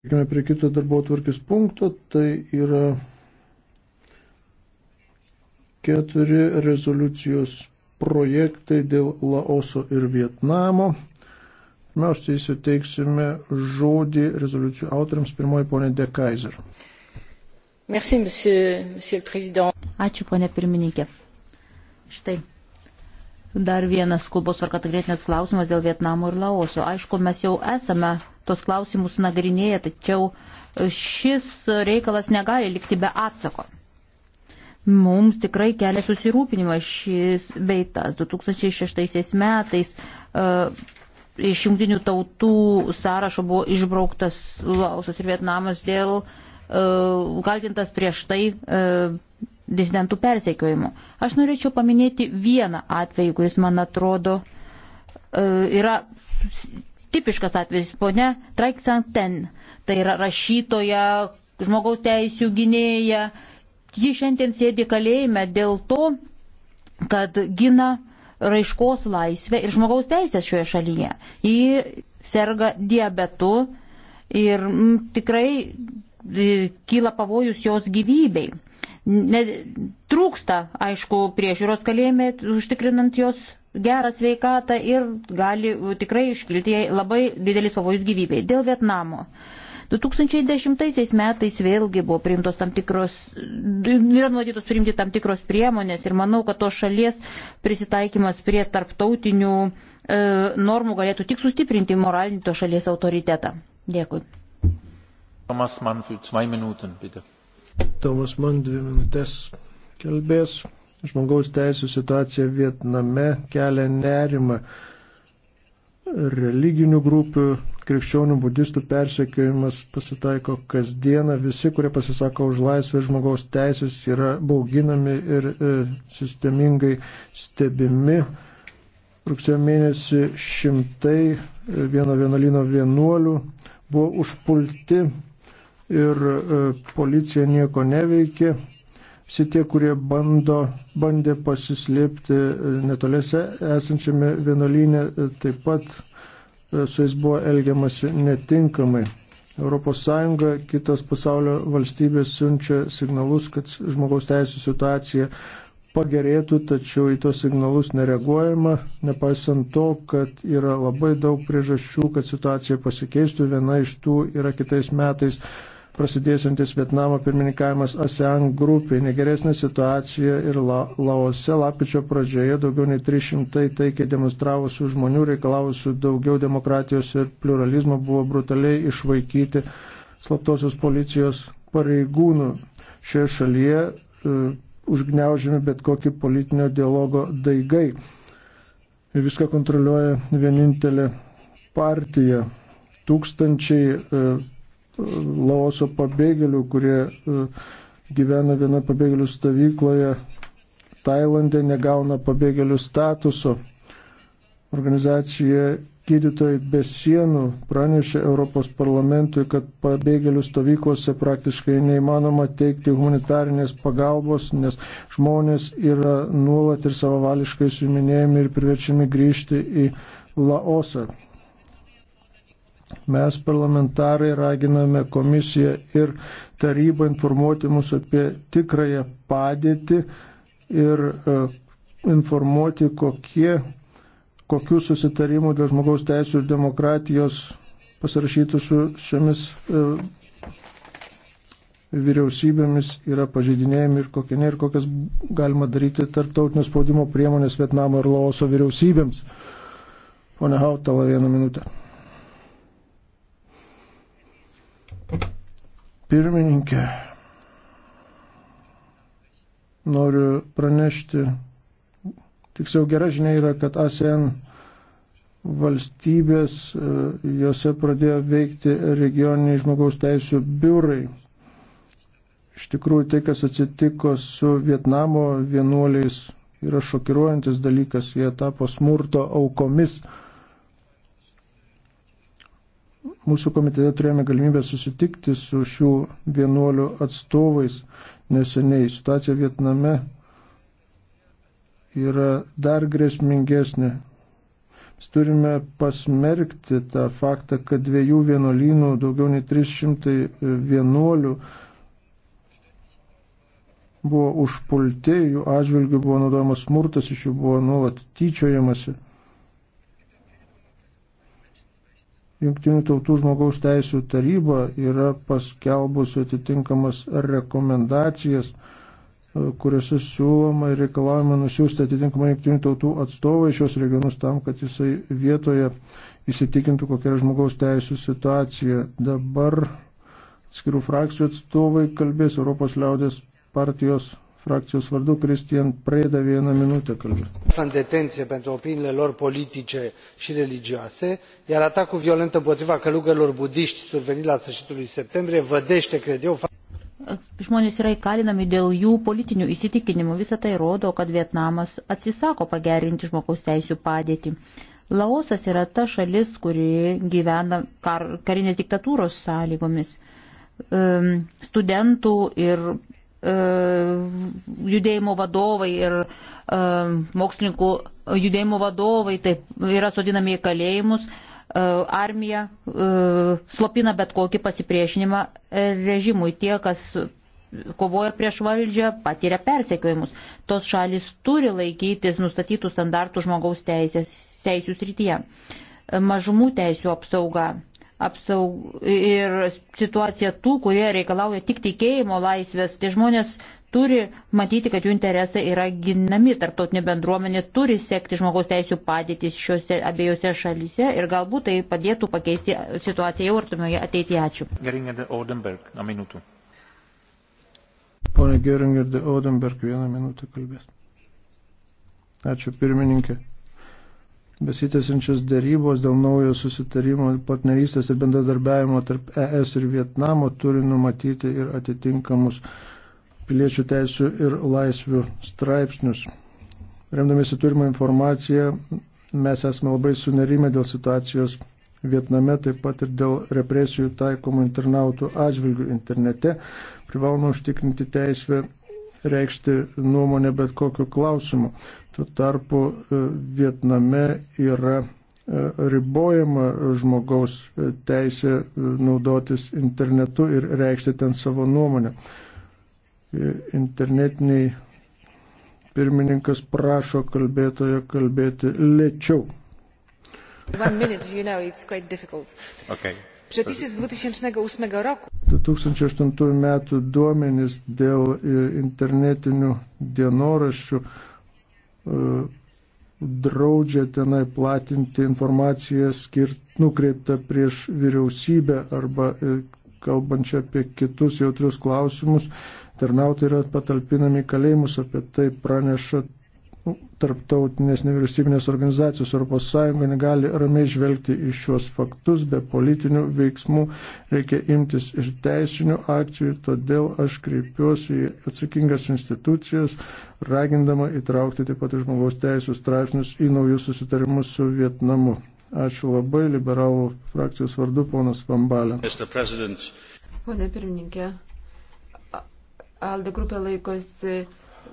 Sakykime, prie kito darbo atvarkės punkto, tai yra keturi rezoliucijos projektai dėl Laoso ir Vietnamo. Pirmiausia, įsiteiksime žodį rezoliucijų autoriams, pirmoji ponė De Kaiser. Merci, monsieur, monsieur Ačiū, ponė pirmininkė. Štai. Dar vienas skubos varkatagretinės klausimas dėl Vietnamo ir Laoso. Aišku, mes jau esame tos klausimus nagrinėja, tačiau šis reikalas negali likti be atsako. Mums tikrai kelia susirūpinimą šis beitas. 2006 metais uh, iš jungtinių tautų sąrašo buvo išbrauktas Laosas ir Vietnamas dėl uh, kaltintas prieš tai uh, e, disidentų persekiojimo. Aš norėčiau paminėti vieną atvejį, kuris man atrodo uh, yra tipiškas atvejis, ponia Traiksanten, tai yra rašytoja, žmogaus teisų gynėja. Ji šiandien sėdi kalėjime dėl to, kad gina raiškos laisvę ir žmogaus teisės šioje šalyje. Ji serga diabetu ir m, mm, tikrai e, kyla pavojus jos gyvybei. Ne, trūksta, aišku, priežiūros kalėjime, užtikrinant jos gerą sveikatą ir gali tikrai iškilti jai labai didelis pavojus gyvybei. Dėl Vietnamo. 2010 metais vėlgi buvo priimtos tam tikros, yra nuodytos priimti tam tikros priemonės ir manau, kad tos šalies prisitaikymas prie tarptautinių e, normų galėtų tik sustiprinti moralinį tos šalies autoritetą. Dėkui. Tomas man, dvi minutės kalbės. Žmogaus teisų situacija Vietname kelia nerimą. Religinių grupių, krikščionių, budistų persekiojimas pasitaiko kasdieną. Visi, kurie pasisako už laisvę žmogaus teisės, yra bauginami ir e, sistemingai stebimi. Rugsėjo mėnesį šimtai e, vieno vienuolino vienuolių buvo užpulti ir e, policija nieko neveikė. Visi tie, kurie bando, bandė pasislėpti e, netoliese esančiame vienolyne, e, taip pat e, su jais buvo elgiamasi netinkamai. ES, kitos pasaulio valstybės siunčia signalus, kad žmogaus teisų situacija pagerėtų, tačiau į tos signalus nereaguojama, nepaisant to, kad yra labai daug priežasčių, kad situacija pasikeistų. Viena iš tų yra kitais metais prasidėsiantis Vietnamo pirmininkavimas ASEAN grupiai. Negeresnė situacija ir la, Laose lapičio pradžioje daugiau nei 300 taikiai demonstravusių žmonių reikalavusių daugiau demokratijos ir pluralizmo buvo brutaliai išvaikyti slaptosios policijos pareigūnų. Šioje šalyje uh, e, užgneužiami bet kokį politinio dialogo daigai. Ir viską kontroliuoja vienintelė partija. Tūkstančiai uh, Laoso pabėgėlių, kurie e, gyvena viena pabėgėlių stovykloje Tailandė, negauna pabėgėlių statuso. Organizacija Gydytojai be sienų pranešė Europos parlamentui, kad pabėgėlių stovyklose praktiškai neįmanoma teikti humanitarinės pagalbos, nes žmonės yra nuolat ir savavališkai suiminėjami ir priverčiami grįžti į Laosą. Mes parlamentarai raginame komisiją ir tarybą informuoti mus apie tikrąją padėtį ir e, informuoti, kokie, kokių susitarimų dėl žmogaus teisų ir demokratijos pasirašytų su šiomis e, vyriausybėmis yra pažeidinėjami ir kokie ne ir kokias galima daryti tarptautinio spaudimo priemonės Vietnamo ir Laoso vyriausybėms. Pone Hautala, vieną minutę. Pirmininkė, noriu pranešti, tiksliau gera žinia yra, kad ASEAN valstybės, e, juose pradėjo veikti regioniniai žmogaus teisų biurai. Iš tikrųjų, tai, kas atsitiko su Vietnamo vienuoliais, yra šokiruojantis dalykas, jie tapo smurto aukomis. Mūsų komitete turėjome galimybę susitikti su šių vienuolių atstovais neseniai. Situacija Vietname yra dar grėsmingesnė. Mes turime pasmerkti tą faktą, kad dviejų vienuolynų, daugiau nei 300 vienuolių buvo užpulti, jų atžvilgių buvo naudojamas smurtas, iš jų buvo nuolat tyčiojamasi. Junktinių tautų žmogaus teisų taryba yra paskelbusi atitinkamas rekomendacijas, e, kuriuose siūloma ir reikalavima nusiųsti atitinkamą Junktinių tautų atstovą į šios regionus tam, kad jisai vietoje įsitikintų, kokia yra žmogaus teisų situacija. Dabar skirų frakcijų atstovai kalbės Europos liaudės partijos frakcijos vardu Kristijan Preda vieną minutę kalbė. în detenție pentru opiniile lor politice și religioase, iar atacul violent împotriva călugărilor budiști survenit la sfârșitul lui septembrie vădește, cred eu, Žmonės yra įkalinami dėl jų politinių įsitikinimų. Visą tai rodo, kad Vietnamas atsisako pagerinti žmogaus teisų padėtį. Laosas yra ta šalis, kuri gyvena kar, karinės diktatūros sąlygomis. Um, studentų ir E, judėjimo vadovai ir e, mokslininkų judėjimo vadovai taip, yra sodinami į kalėjimus, e, armija slopina bet kokį pasipriešinimą režimui. Tie, kas kovoja prieš valdžią, patiria persekiojimus. Tos šalis turi laikytis nustatytų standartų žmogaus teisės, teisų srityje. Mažumų teisų apsauga apsaug... ir situacija tų, kurie reikalauja tik tikėjimo laisvės. Tie žmonės turi matyti, kad jų interesai yra ginami. Tarptautinė bendruomenė turi sekti žmogaus teisų padėtis šiuose abiejose šalyse ir galbūt tai padėtų pakeisti situaciją jau artimoje ateityje. Ačiū. Geringer de Odenberg, na minutė. Pone Geringer de Odenberg, vieną minutę kalbės. Ačiū pirmininkė besitęsiančios dėrybos dėl naujo susitarimo partnerystės ir bendradarbiavimo tarp ES ir Vietnamo turi numatyti ir atitinkamus piliečių teisų ir laisvių straipsnius. Remdamėsi turimą informaciją, mes esame labai sunerimę dėl situacijos Vietname, taip pat ir dėl represijų taikomų internautų atžvilgių internete. Privalome užtikrinti teisvę reikšti nuomonę bet kokiu klausimu. Tuo tarpu e, Vietname yra e, ribojama žmogaus e, teisė naudotis internetu ir reikšti ten savo nuomonę. Internetiniai pirmininkas prašo kalbėtojo kalbėti lėčiau. Minute, you know, okay. Przepisy z 2008 roku. 2008 metų duomenys dėl e, internetinių dienoraščių e, draudžia tenai platinti informaciją skirt, nukreiptą prieš vyriausybę arba e, kalbančią apie kitus jautrius klausimus. Tarnautai yra patalpinami kalėjimus, apie tai praneša Nu, tarptautinės nevyriausybinės organizacijos ES negali ramiai žvelgti iš šios faktus, be politinių veiksmų reikia imtis ir teisinių akcijų, todėl aš kreipiuosi į atsakingas institucijas, ragindama įtraukti taip pat ir žmogaus teisų straipsnius į naujus susitarimus su Vietnamu. Ačiū labai, liberalų frakcijos vardu, ponas Vambalė. Pone pirmininkė, Alde grupė laikosi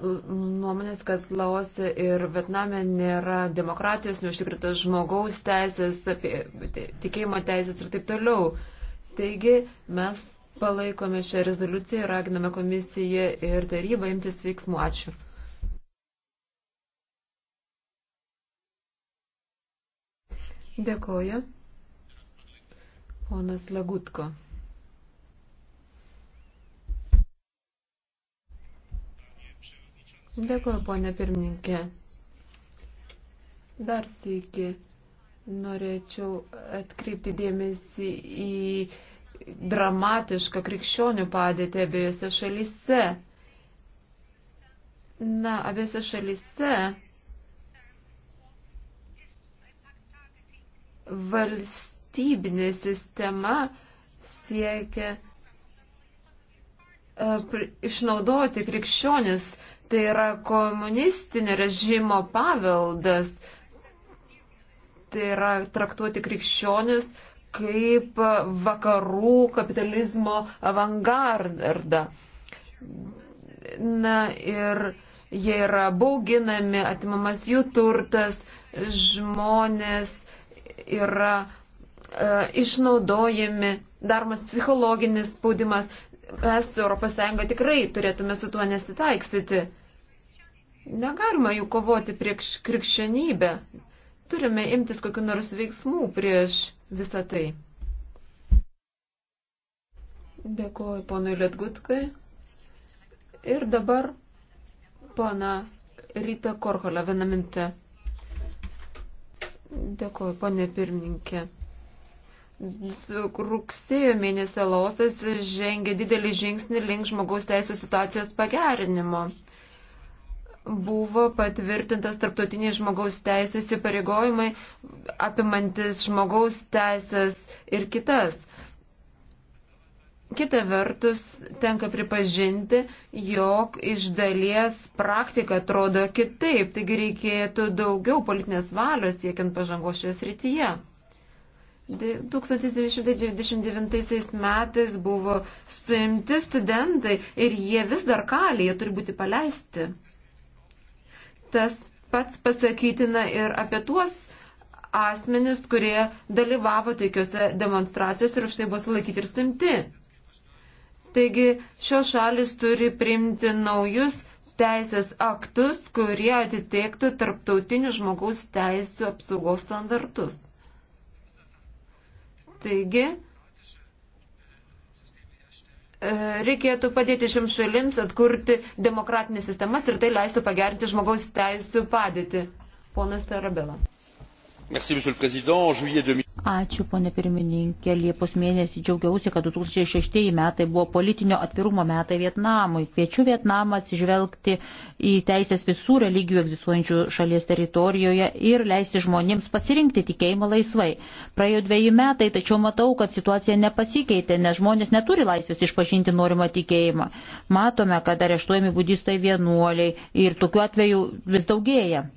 nuomonės, kad Laose ir Vietname nėra demokratijos, neužtikrintas žmogaus teisės, tikėjimo teisės ir taip toliau. Taigi mes palaikome šią rezoliuciją ir raginame komisiją ir tarybą imtis veiksmų. Ačiū. Dėkoju. Ponas Lagutko. Dėkuoju, ponė pirmininkė. Dar sveiki. Norėčiau atkreipti dėmesį į dramatišką krikščionių padėtį abiejose šalyse. Na, abiejose šalyse valstybinė sistema siekia uh, e, pr, išnaudoti krikščionis Tai yra komunistinio režimo paveldas. Tai yra traktuoti krikščionis kaip vakarų kapitalizmo avangardą. Na ir jie yra bauginami, atimamas jų turtas, žmonės yra e, išnaudojami, daromas psichologinis spaudimas mes ES tikrai turėtume su tuo nesitaiksyti. Negalima jų kovoti prieš krikščionybę. Turime imtis kokiu nors veiksmų prieš visą tai. Dėkuoju ponui Lietgutkai. Ir dabar pana Rita Korholė vieną mintę. Dėkuoju, ponė pirmininkė rugsėjo mėnesį Laosas žengė didelį žingsnį link žmogaus teisų situacijos pagerinimo. Buvo patvirtintas tarptautiniai žmogaus teisės įpareigojimai, apimantis žmogaus teisės ir kitas. Kita vertus, tenka pripažinti, jog iš dalies praktika atrodo kitaip, taigi reikėtų daugiau politinės valios siekiant pažangos šioje srityje. 1929 metais buvo suimti studentai ir jie vis dar kalė, jie turi būti paleisti. Tas pats pasakytina ir apie tuos asmenis, kurie dalyvavo taikiuose demonstracijose ir už tai buvo sulaikyti ir suimti. Taigi šios šalis turi priimti naujus teisės aktus, kurie atitiktų tarptautinius žmogaus teisų apsaugos standartus. Taigi, e, reikėtų padėti šiems šalims atkurti demokratinės sistemas ir tai leistų pagerinti žmogaus teisų padėtį. Ponas Tarabela. Merci, Ačiū, ponė pirmininkė. Liepos mėnesį džiaugiausi, kad 2006 metai buvo politinio atvirumo metai Vietnamui. Kviečiu Vietnamą atsižvelgti į teisės visų religijų egzistuojančių šalies teritorijoje ir leisti žmonėms pasirinkti tikėjimą laisvai. Praėjo dviejų metai, tačiau matau, kad situacija nepasikeitė, nes žmonės neturi laisvės išpažinti norimą tikėjimą. Matome, kad areštuojami budistai vienuoliai ir tokiu atveju vis daugėja.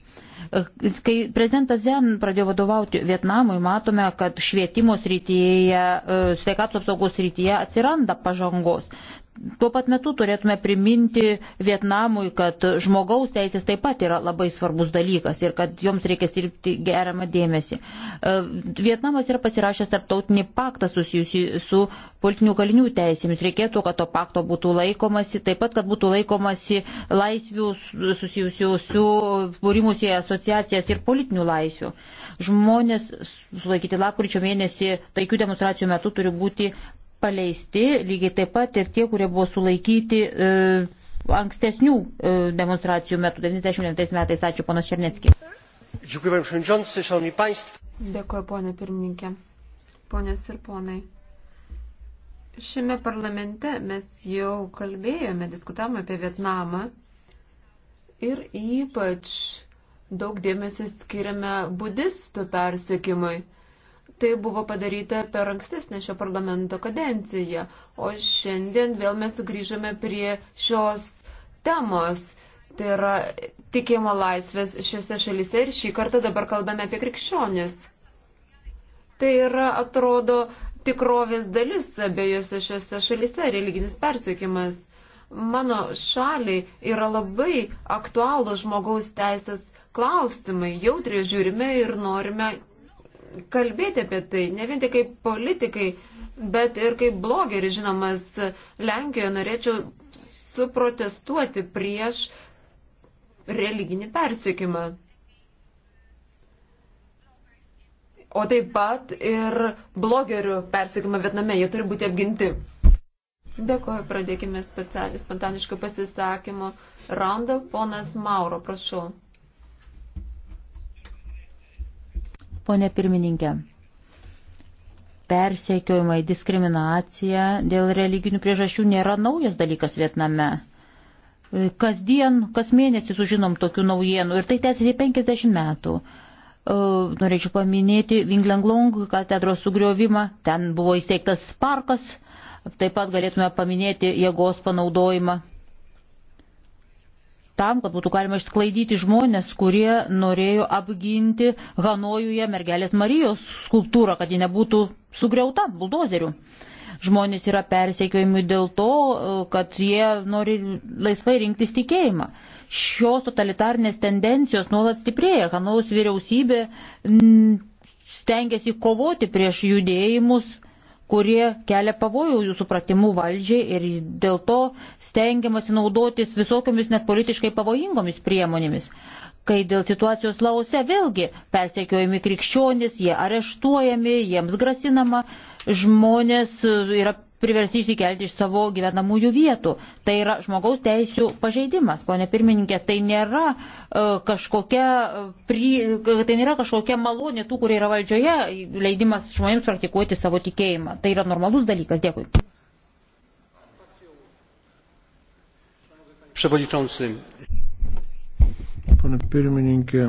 Kai prezidentas Zen pradėjo vadovauti Vietnamui, matome, kad švietimo srityje, e, sveikatos apsaugos srityje atsiranda pažangos. Tuo pat metu turėtume priminti Vietnamui, kad žmogaus teisės taip pat yra labai svarbus dalykas ir kad joms reikia sirpti geriamą dėmesį. E, Vietnamas yra pasirašęs tarptautinį paktą susijusi su politinių kalinių teisėmis. Reikėtų, kad to pakto būtų laikomasi, taip pat, kad būtų laikomasi laisvių susijusių su būrimus į asociacijas ir politinių laisvių. Žmonės sulaikyti lapkričio mėnesį taikių demonstracijų metu turi būti paleisti, lygiai taip pat ir tie, kurie buvo sulaikyti e, ankstesnių e, demonstracijų metų, 99 metais. Ačiū, ponas Černetski. Dėkuoju, ponė pirmininkė. Ponės ir ponai. Šiame parlamente mes jau kalbėjome, diskutavome apie Vietnamą ir ypač daug dėmesio skiriame budistų persiekimui tai buvo padaryta per ankstesnę šio parlamento kadenciją, o šiandien vėl mes sugrįžame prie šios temos. Tai yra tikėjimo laisvės šiuose šalyse ir šį kartą dabar kalbame apie krikščionis. Tai yra, atrodo, tikrovės dalis abiejose šiuose šalyse - religinis persiekimas. Mano šaliai yra labai aktualų žmogaus teisės klausimai, jautriai žiūrime ir norime kalbėti apie tai, ne vien tik kaip politikai, bet ir kaip blogeris žinomas Lenkijoje norėčiau suprotestuoti prieš religinį persiekimą. O taip pat ir blogerių persiekimą Vietname, jie turi būti apginti. Dėkuoju, pradėkime spontanišką pasisakymą. Raundą ponas Mauro, prašau. ponė pirmininkė. Persiekiojimai, diskriminacija dėl religinių priežasčių nėra naujas dalykas Vietname. Kasdien, kas mėnesį sužinom tokių naujienų ir tai tęsiasi 50 metų. E, norėčiau paminėti Vinglenglong katedros sugriovimą, ten buvo įsteigtas parkas, taip pat galėtume paminėti jėgos panaudojimą tam, kad būtų galima išsklaidyti žmonės, kurie norėjo apginti Hanojuje mergelės Marijos skulptūrą, kad ji nebūtų sugriauta buldozeriu. Žmonės yra persiekiojami dėl to, kad jie nori laisvai rinktis tikėjimą. Šios totalitarnės tendencijos nuolat stiprėja. Hanojaus vyriausybė stengiasi kovoti prieš judėjimus kurie kelia pavojų jų supratimų valdžiai ir dėl to stengiamasi naudotis visokiomis net politiškai pavojingomis priemonėmis. Kai dėl situacijos lause vėlgi persekiojami krikščionys, jie areštuojami, jiems grasinama, žmonės yra priversti išsikelti iš savo gyvenamųjų vietų. Tai yra žmogaus teisų pažeidimas, ponė pirmininkė, tai nėra, uh, kažkokia, e, pri, tai nėra kažkokia malonė tų, kurie yra valdžioje, leidimas žmonėms praktikuoti savo tikėjimą. Tai yra normalus dalykas. Dėkui. Pane pirmininkė,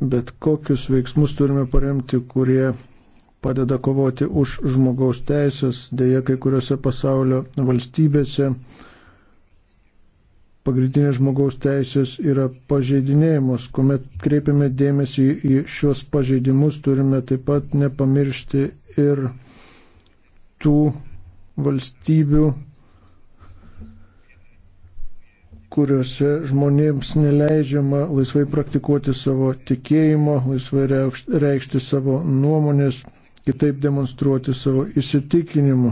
bet kokius veiksmus turime paremti, kurie padeda kovoti už žmogaus teisės, dėja kai kuriuose pasaulio valstybėse pagrindinės žmogaus teisės yra pažeidinėjimus. Kuomet kreipiame dėmesį į šios pažeidimus, turime taip pat nepamiršti ir tų valstybių, kuriuose žmonėms neleidžiama laisvai praktikuoti savo tikėjimo, laisvai reikšti savo nuomonės, kitaip demonstruoti savo įsitikinimu.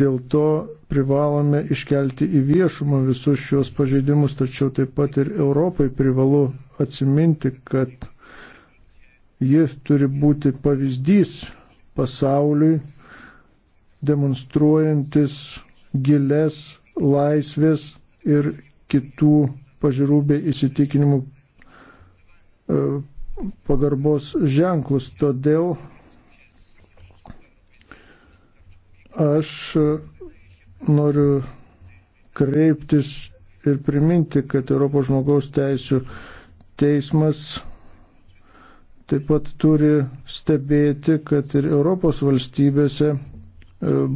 Dėl to privalome iškelti į viešumą visus šios pažeidimus, tačiau taip pat ir Europai privalu atsiminti, kad ji turi būti pavyzdys pasauliui, demonstruojantis gilės laisvės ir kitų pažiūrų bei įsitikinimų e, pagarbos ženklus. Todėl Aš noriu kreiptis ir priminti, kad Europos žmogaus teisų teismas taip pat turi stebėti, kad ir Europos valstybėse e,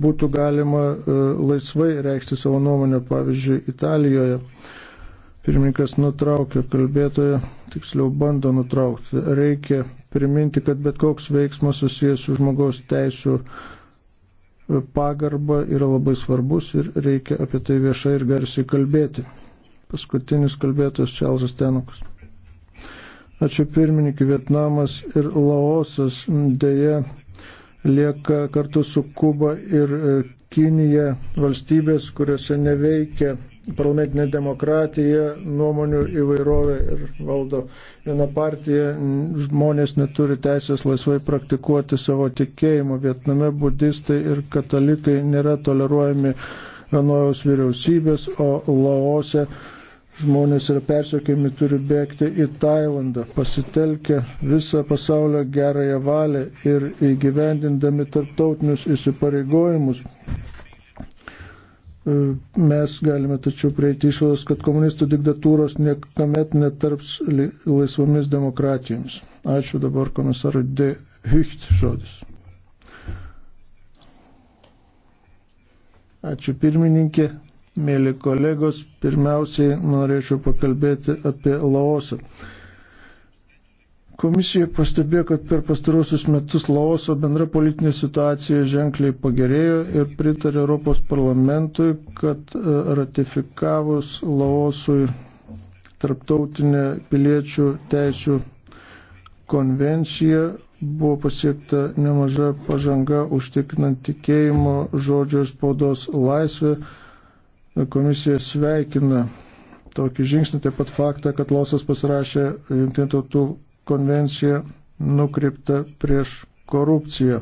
būtų galima e, laisvai reikšti savo nuomonę, pavyzdžiui, Italijoje. Pirmininkas nutraukė kalbėtoją, tiksliau bando nutraukti. Reikia priminti, kad bet koks veiksmas susijęs su žmogaus teisų pagarba yra labai svarbus ir reikia apie tai viešai ir garsiai kalbėti. Paskutinis kalbėtas Čelsas Tenukas. Ačiū pirmininkai, Vietnamas ir Laosas dėja lieka kartu su Kuba ir e, Kinija valstybės, kuriuose neveikia parlamentinė demokratija, nuomonių įvairovė ir valdo viena partija, žmonės neturi teisės laisvai praktikuoti savo tikėjimą. Vietname budistai ir katalikai nėra toleruojami vienojaus vyriausybės, o Laose žmonės yra persiekiami, turi bėgti į Tailandą, pasitelkę visą pasaulio gerąją valią ir įgyvendindami tarptautinius įsipareigojimus E, mes galime tačiau prieiti išvados, kad komunistų diktatūros niekamet netarps laisvomis demokratijomis. Ačiū dabar komisarui De Hicht žodis. Ačiū pirmininkė, mėly kolegos. Pirmiausiai norėčiau pakalbėti apie Laosą. Komisija pastebėjo, kad per pastarosius metus Laoso bendra politinė situacija ženkliai pagerėjo ir pritarė Europos parlamentui, kad e, ratifikavus Laosui tarptautinę piliečių teisų konvenciją buvo pasiekta nemaža pažanga užtikrinant tikėjimo žodžio ir spaudos laisvę. Komisija sveikina tokį žingsnį, taip pat faktą, kad Laosas pasirašė Junktinių tautų konvencija nukreipta prieš korupciją.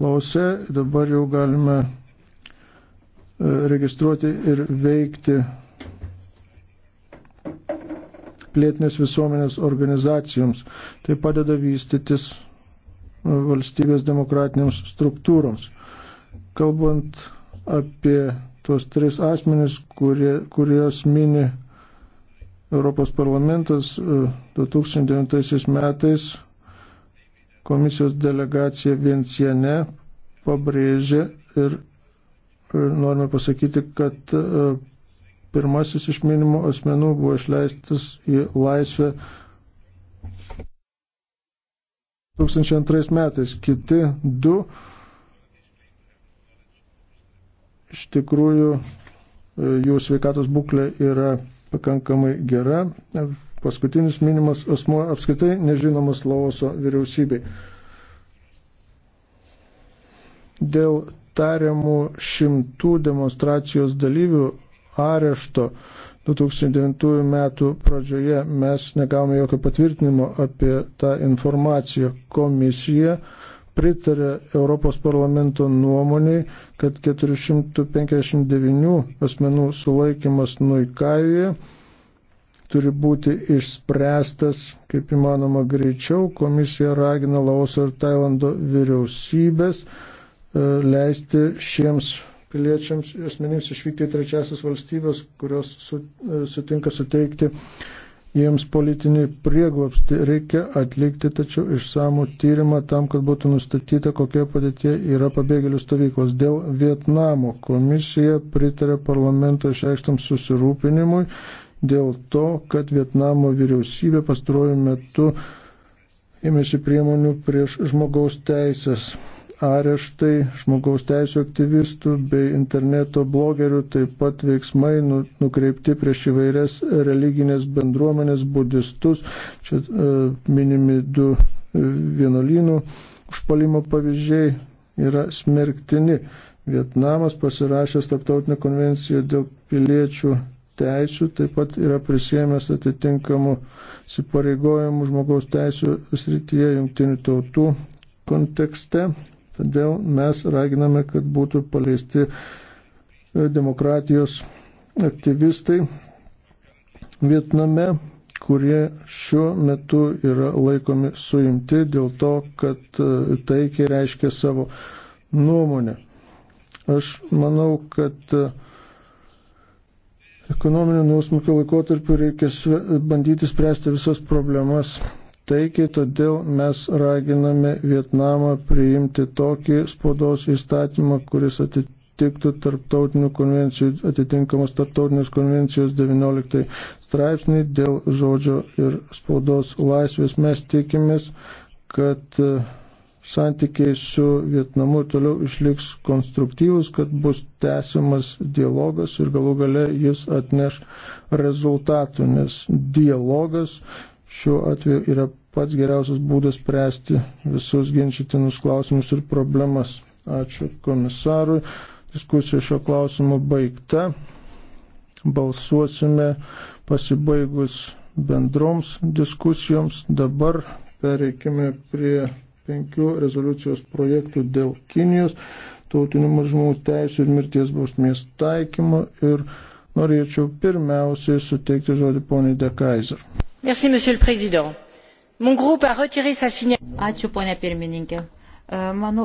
Lause dabar jau galime e, registruoti ir veikti plėtinės visuomenės organizacijoms. Tai padeda vystytis e, valstybės demokratiniams struktūroms. Kalbant apie tuos tris asmenis, kurie, kurios mini Europos parlamentas 2009 e, metais komisijos delegacija Vienciene pabrėžė ir e, norime pasakyti, kad e, pirmasis iš minimų asmenų buvo išleistas į laisvę 2002 metais. Kiti du iš tikrųjų jų sveikatos būklė yra pakankamai gera. Paskutinis minimas asmo apskaitai nežinomas Laoso vyriausybei. Dėl tariamų šimtų demonstracijos dalyvių arešto 2009 metų pradžioje mes negavome jokio patvirtinimo apie tą informaciją komisiją pritarė Europos parlamento nuomonį, kad 459 asmenų sulaikimas Nuikajoje turi būti išspręstas kaip įmanoma greičiau. Komisija ragina Laoso ir Tailando vyriausybės e, leisti šiems piliečiams asmenims išvykti į trečiasis valstybės, kurios e, sutinka suteikti jiems politinį prieglopstį reikia atlikti, tačiau išsamų tyrimą tam, kad būtų nustatyta, kokie padėtie yra pabėgėlių stovyklos. Dėl Vietnamo komisija pritarė parlamento išreikštam susirūpinimui dėl to, kad Vietnamo vyriausybė pastaruoju metu ėmėsi priemonių prieš žmogaus teisės areštai žmogaus teisų aktyvistų bei interneto blogerių, taip pat veiksmai nu, nukreipti prieš įvairias religinės bendruomenės, budistus, čia e, minimi du e, vienolynų užpalimo pavyzdžiai yra smerktini. Vietnamas pasirašęs tarptautinę konvenciją dėl piliečių teisų, taip pat yra prisėmęs atitinkamų įsipareigojimų žmogaus teisų srityje jungtinių tautų kontekste. Todėl mes raginame, kad būtų paleisti e, demokratijos aktyvistai Vietname, kurie šiuo metu yra laikomi suimti dėl to, kad e, taikiai reiškia savo nuomonę. Aš manau, kad e, ekonominio nuosmukio laikotarpiu reikia bandyti spręsti visas problemas taikiai, todėl mes raginame Vietnamą priimti tokį spaudos įstatymą, kuris atitiktų tarptautinių konvencijų, atitinkamos tarptautinės konvencijos 19 straipsnį dėl žodžio ir spaudos laisvės. Mes tikimės, kad e, santykiai su Vietnamu toliau išliks konstruktyvus, kad bus tęsiamas dialogas ir galų gale jis atneš rezultatų, nes dialogas šiuo atveju yra pats geriausias būdas spręsti visus ginčytinus klausimus ir problemas. Ačiū komisarui. Diskusija šio klausimo baigta. Balsuosime pasibaigus bendroms diskusijoms. Dabar pereikime prie penkių rezoliucijos projektų dėl Kinijos, tautinių mažumų teisų ir mirties bausmės taikymo ir norėčiau pirmiausiai suteikti žodį poniai De Kaiser. Merci, Ačiū, ponė pirmininkė. E, manau,